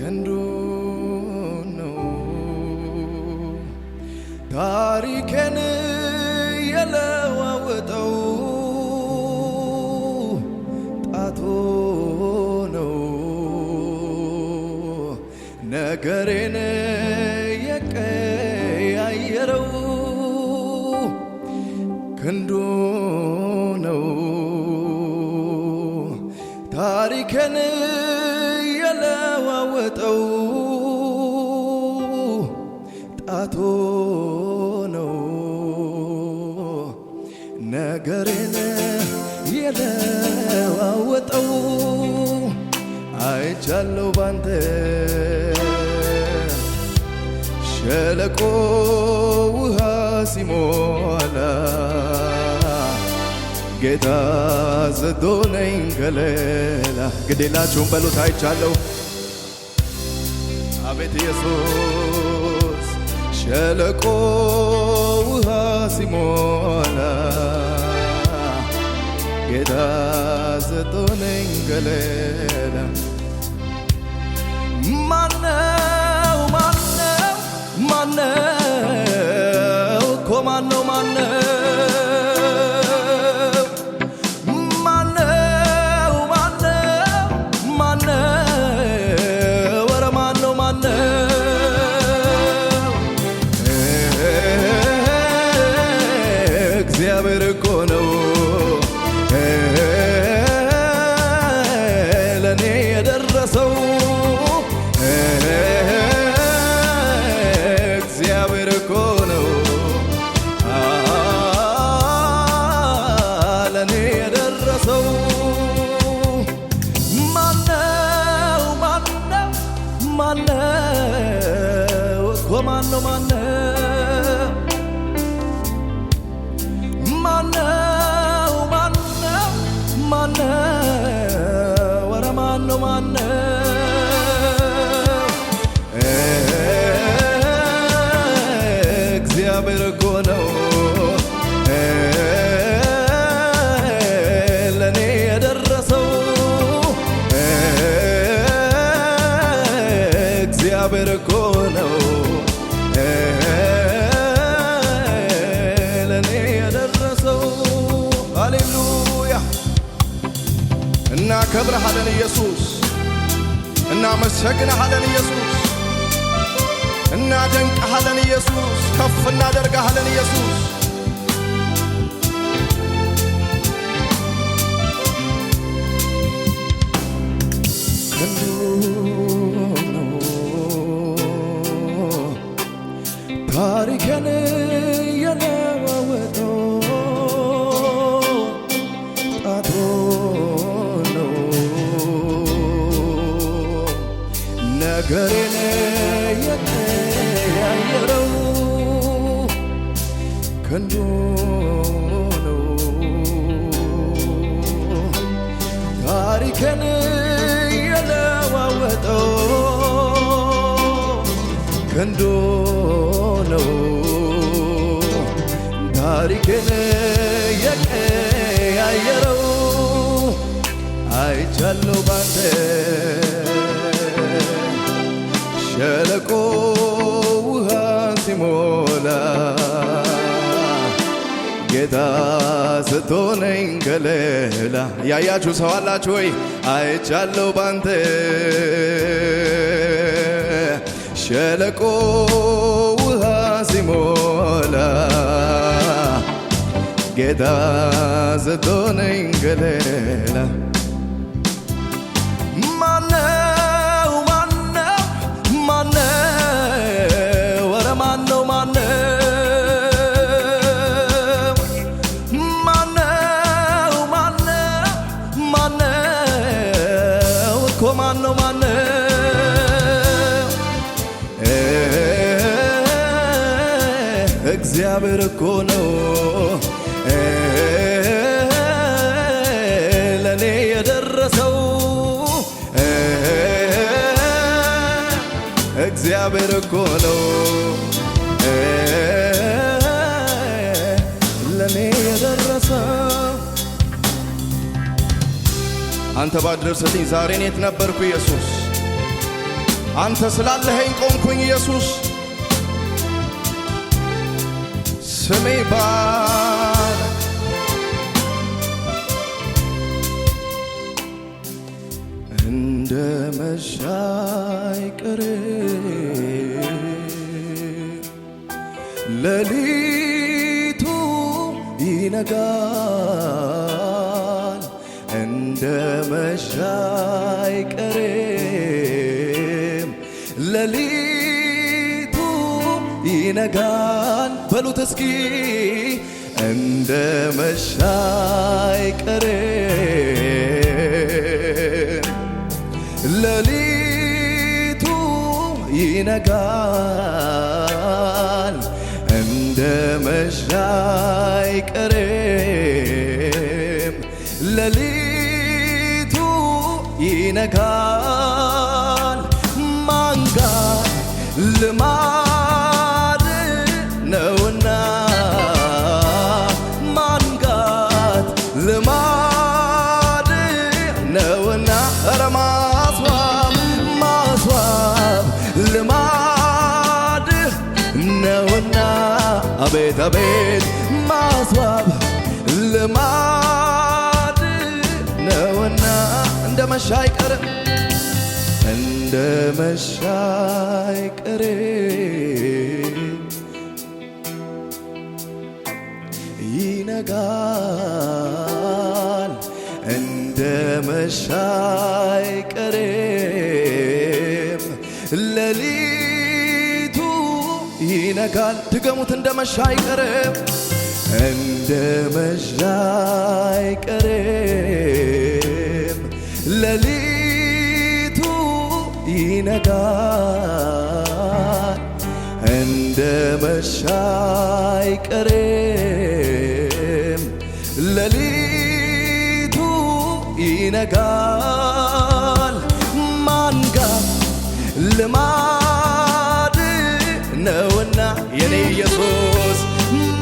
ክንዱ ነው ታሪኬን የለዋወጠው ጣቱ ነው ነገሬን የቀያየረው ክንዱ ነው ታሪኬን የተለዋወጠው አይቻለው ባንተ ሸለቆ ውሃ ሲሞላ ጌታ ዘዶ ነኝ ከሌላ ግዴላችሁን በሉት አይቻለሁ አቤት ኢየሱስ ሸለቆ ውሃ ሲሞላ ጌታ ስጦነኝ ገለላ ማነው ማነው ማነው እኮ ማነው ማነው ማነው እኮ ማነው ማነው እናከብረሃለን ኢየሱስ፣ እናመሰግንሃለን ኢየሱስ፣ እናደንቅሃለን ኢየሱስ፣ ከፍ እናደርግሃለን ኢየሱስ። ታሪክን ገሬን የተያየረው ከንዱ ነው። ታሪክን የለዋወጠው ከንዱ ነው። ታሪክን የቀያየረው አይቻለው ባንተ ሸለቆ ውሃ ሲሞላ ጌታ ስትሆነኝ ከሌላ ያያችሁ ሰው አላችሁ ወይ? አይቻለሁ ባንተ ሸለቆ ውሃ ሲሞላ ጌታ ስትሆነኝ ከሌላ ክብር እኮ ነው ለእኔ የደረሰው እግዚአብሔር እኮ ነው ለእኔ የደረሰው። አንተ ባደረሰልኝ ዛሬን የት ነበርኩ ኢየሱስ? አንተ ስላለኸኝ ቆምኩኝ ኢየሱስ to me, Bob. እንደ መሻ አይቀር ሌሊቱ ይነጋል እንደ መሻ አይቀርም ሌሊቱ ይነጋል በሉት እስኪ እንደ መሻይ አይቀርም ሌሊቱ ይነጋል እንደ መሸ አይቀርም ሌሊቱ ይነጋል እንደ መሻይ ቀሬ ይነጋል እንደ መሻይ ቀሬም ለሊቱ ይነጋል ድገሙት እንደ መሻይ ቀሬ እንደ መሻይ ቀሬ ለሊቱ ይነጋል እንደ መሻ አይቀርም ሌሊቱ ይነጋል ማንጋ ልማድ ነውና የኔ ኢየሱስ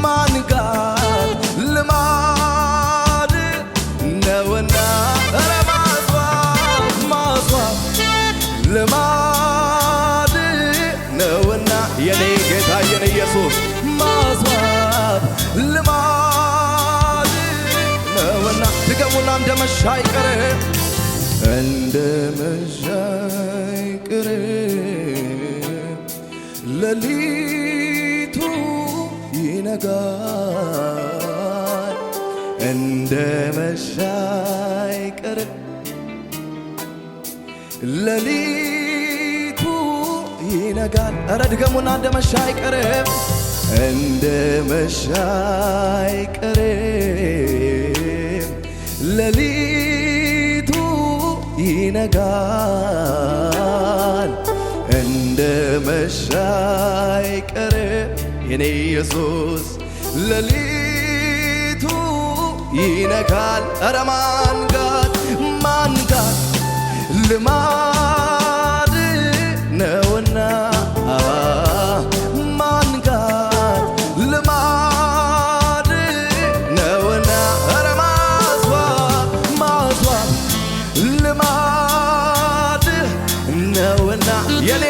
ማንጋ ልማድ ሞላ እንደ መሻ ይቅር እንደ መሻ ይቅር ለሊቱ ይነጋል እንደ መሻ ይቅር ለሊቱ ይነጋል እረ እንደ መሻ ይቅር እንደ መሻ ይቅር ሌሊቱ ይነጋል እንደ መሻ አይቀርም የኔ ኢየሱስ ሌሊቱ ይነጋል። ኧረ ማንጋት ማንጋት ልማ Yeah,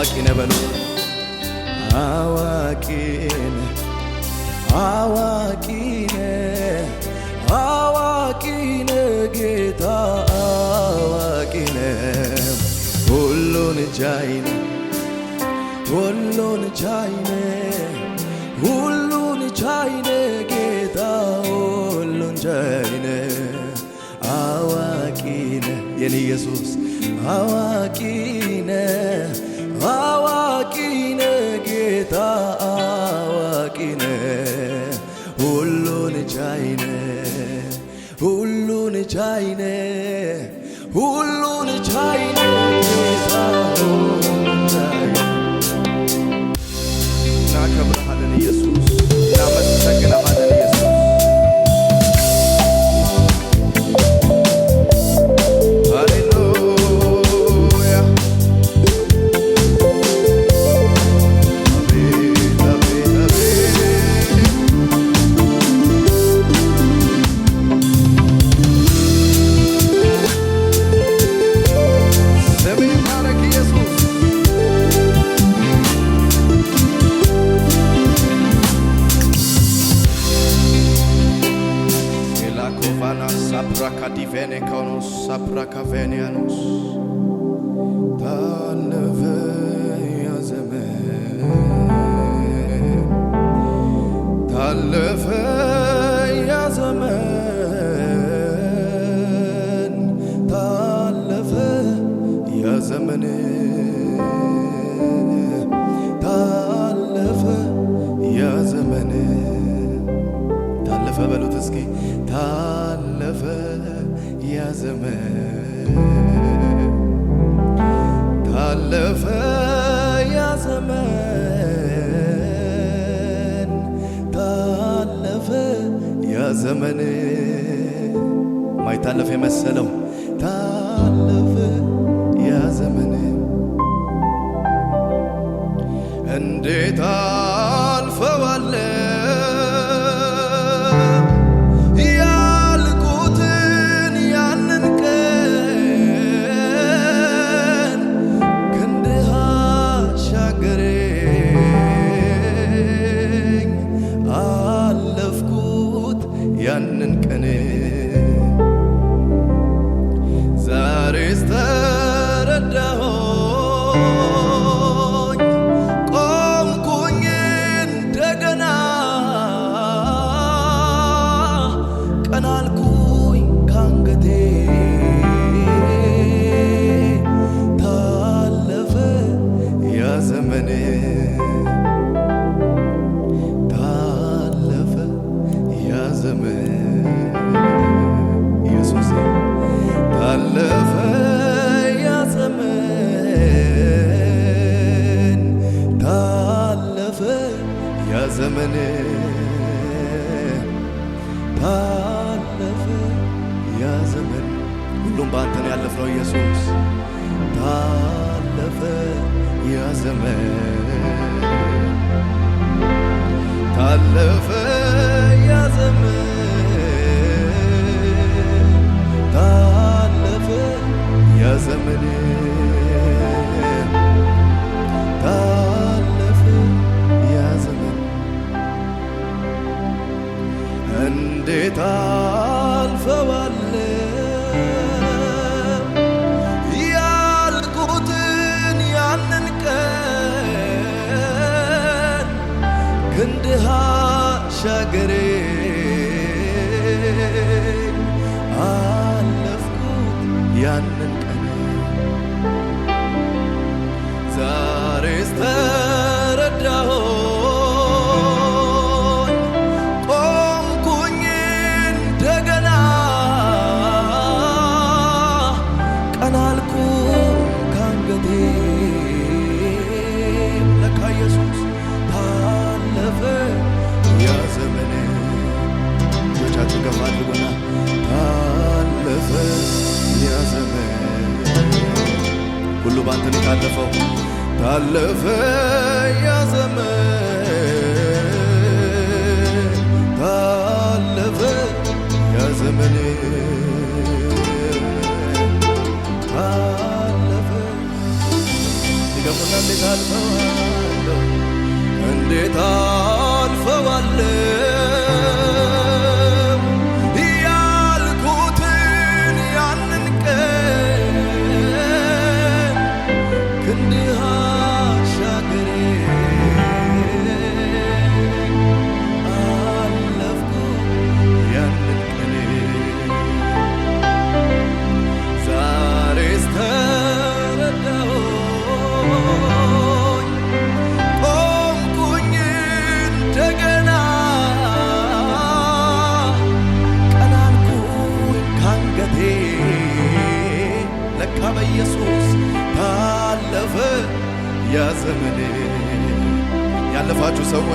አዋቂ ነህ በሉ አዋቂ ነህ አዋቂ ነህ አዋቂ ነህ ጌታ አዋቂ ነህ ሁሉን ቻይ ነህ ሁሉን ቻይ ነህ ሁሉን ቻይ ነህ ጌታ ሁሉን ቻይ ነህ አዋቂ ነህ የኔ ኢየሱስ አዋቂ ነህ ጌታ አዋቂነ ሁሉን ቻይነ ሁሉን ቻይነ Sapracavenianos, Tanevenianos. Tá ዘመን ማይታለፍ የመሰለው ታለፈ ያ ዘመን እንዴት አልፈዋለ ኢየሱስ ታለፈ ያ ዘመን ታለፈ ያ ዘመን ታለፈ ያ ዘመን ታለፈ ያ ዘመን እንዴት አልፈዋል সাগরে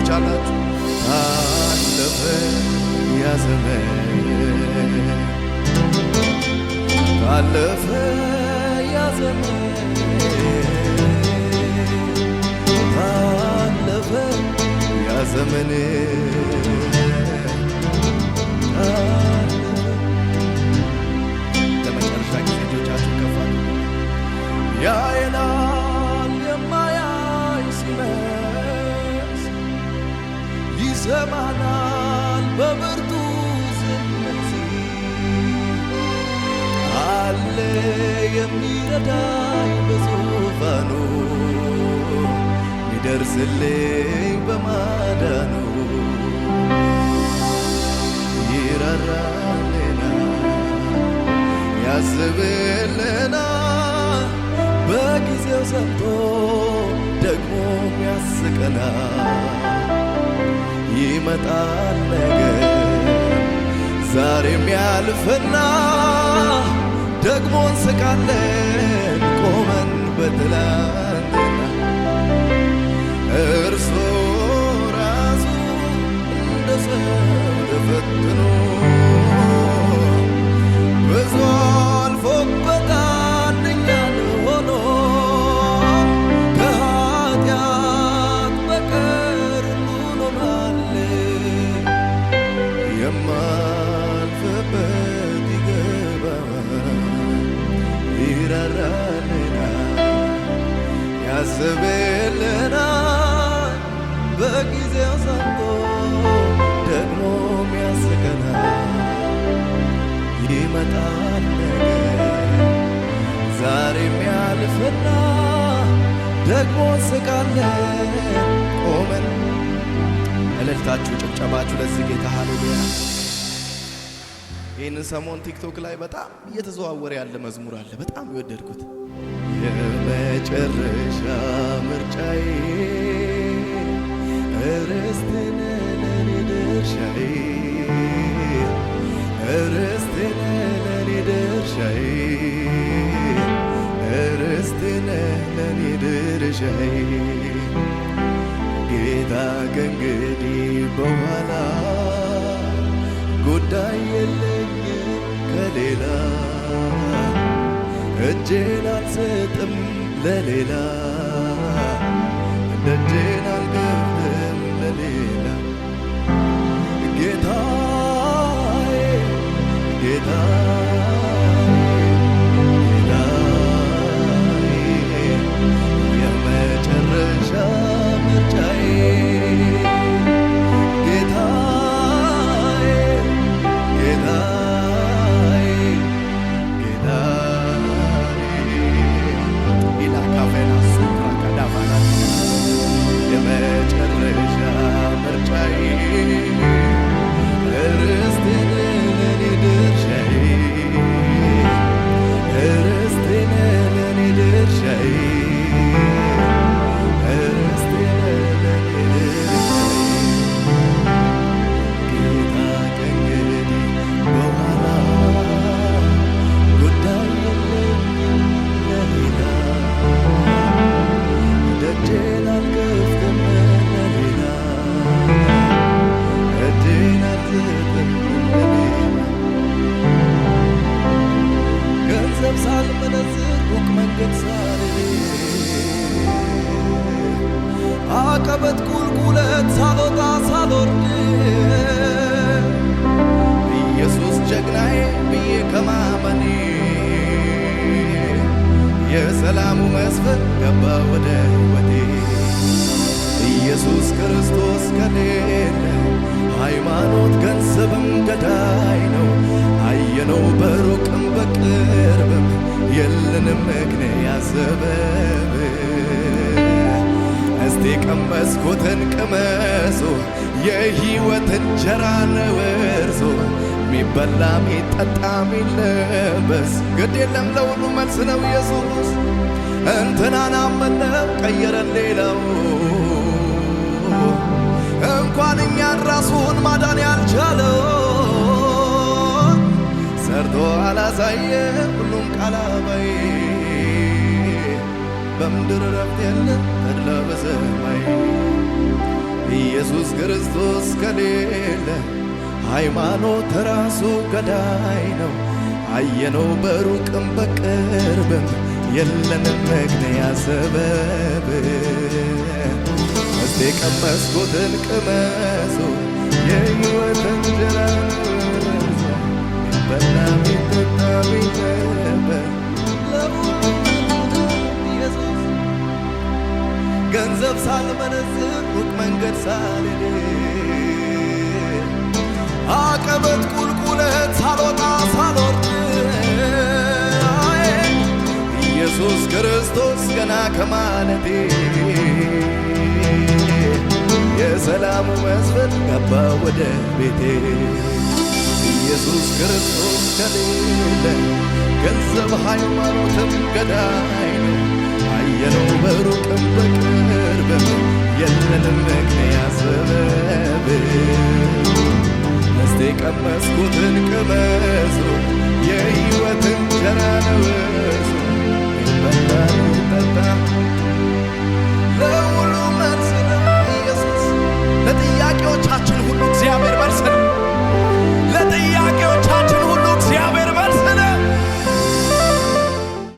ትችላላችሁ። አለፈ ያ ዘመን አለፈ ያ ዘመን አለፈ ያ ዘመን ይመጣል ነገር ዛሬም ያልፍና ደግሞ እንስቃለን ቆመን በትላንትና እርሶ ራሱ እንደ ሰው ተፈትኖ ብዙ አልፎበታል ያስብልናል በጊዜው ሰጥቶ ደግሞ ያስቀናል። ይመጣል ዛሬም ያልፍና ደግሞ ስቃለን ቆመን እልልታችሁ ጭብጨባችሁ ለዚህ ጌታ ሃሌሉያ። ይህንን ሰሞን ቲክቶክ ላይ በጣም እየተዘዋወረ ያለ መዝሙር አለ፣ በጣም የወደድኩት መጨረሻ ምርጫዬ እርስቴ ነህ ለኔ ድርሻዬ እርስቴ ነህ ለኔ ድርሻዬ እርስቴ ለኔ ድርሻዬ ጌታ ከእንግዲህ በኋላ ጉዳይ የለኝም ከሌላ እጄን አልሰጥም ለሌላ እንደ እጄን አልገብም ለሌላ ጌታዬ ጌታ የለንም እግኔ ያዘበብ እስቲ ቀመስኩትን ቅመሱ የህይወት እንጀራ ነው እርሱ ሚበላ ሚጠጣ ሚለበስ ግድ የለም ለሁሉ መልስ ነው ኢየሱስ እንትናን አመነም ቀየረን ሌላው እንኳን እኛን ራሱን ማዳን ያልቻለው መርዶ አላሳየ ሁሉም ቃላባይ በምድር ረብት የለ ተድላ በሰማይ ኢየሱስ ክርስቶስ ከሌለ ሃይማኖት ራሱ ገዳይ ነው። አየነው በሩቅም በቅርብም የለንም መግነያ ሰበብ እስቴ ቀመስኩትን ቅመሱ የሕይወት እንጀራ ገንዘብ ሳልመነዝር ሩቅ መንገድ ሳልሄድ አቀበት ቁልቁለት ሳልወጣ ሳልወርድ ኢየሱስ ክርስቶስ ገና ከማለቴ የሰላሙ መስፈን ገባ ወደ ቤቴ ኢየሱስ ክርስቶስ ከሌለ ገንዘብ ሃይማኖትም ገዳይ ነው። አየነው በሩቅም በቅርብም የለንም ምክንያት ሰበብ እስቲ ቀመስኩትን ቅመሱ የሕይወትን እንጀራ ንበሱ ይበላ ይጠጣ ለሁሉ መልስ ነው ኢየሱስ ለጥያቄዎቻችን ሁሉ እግዚአብሔር መልስ ነው። your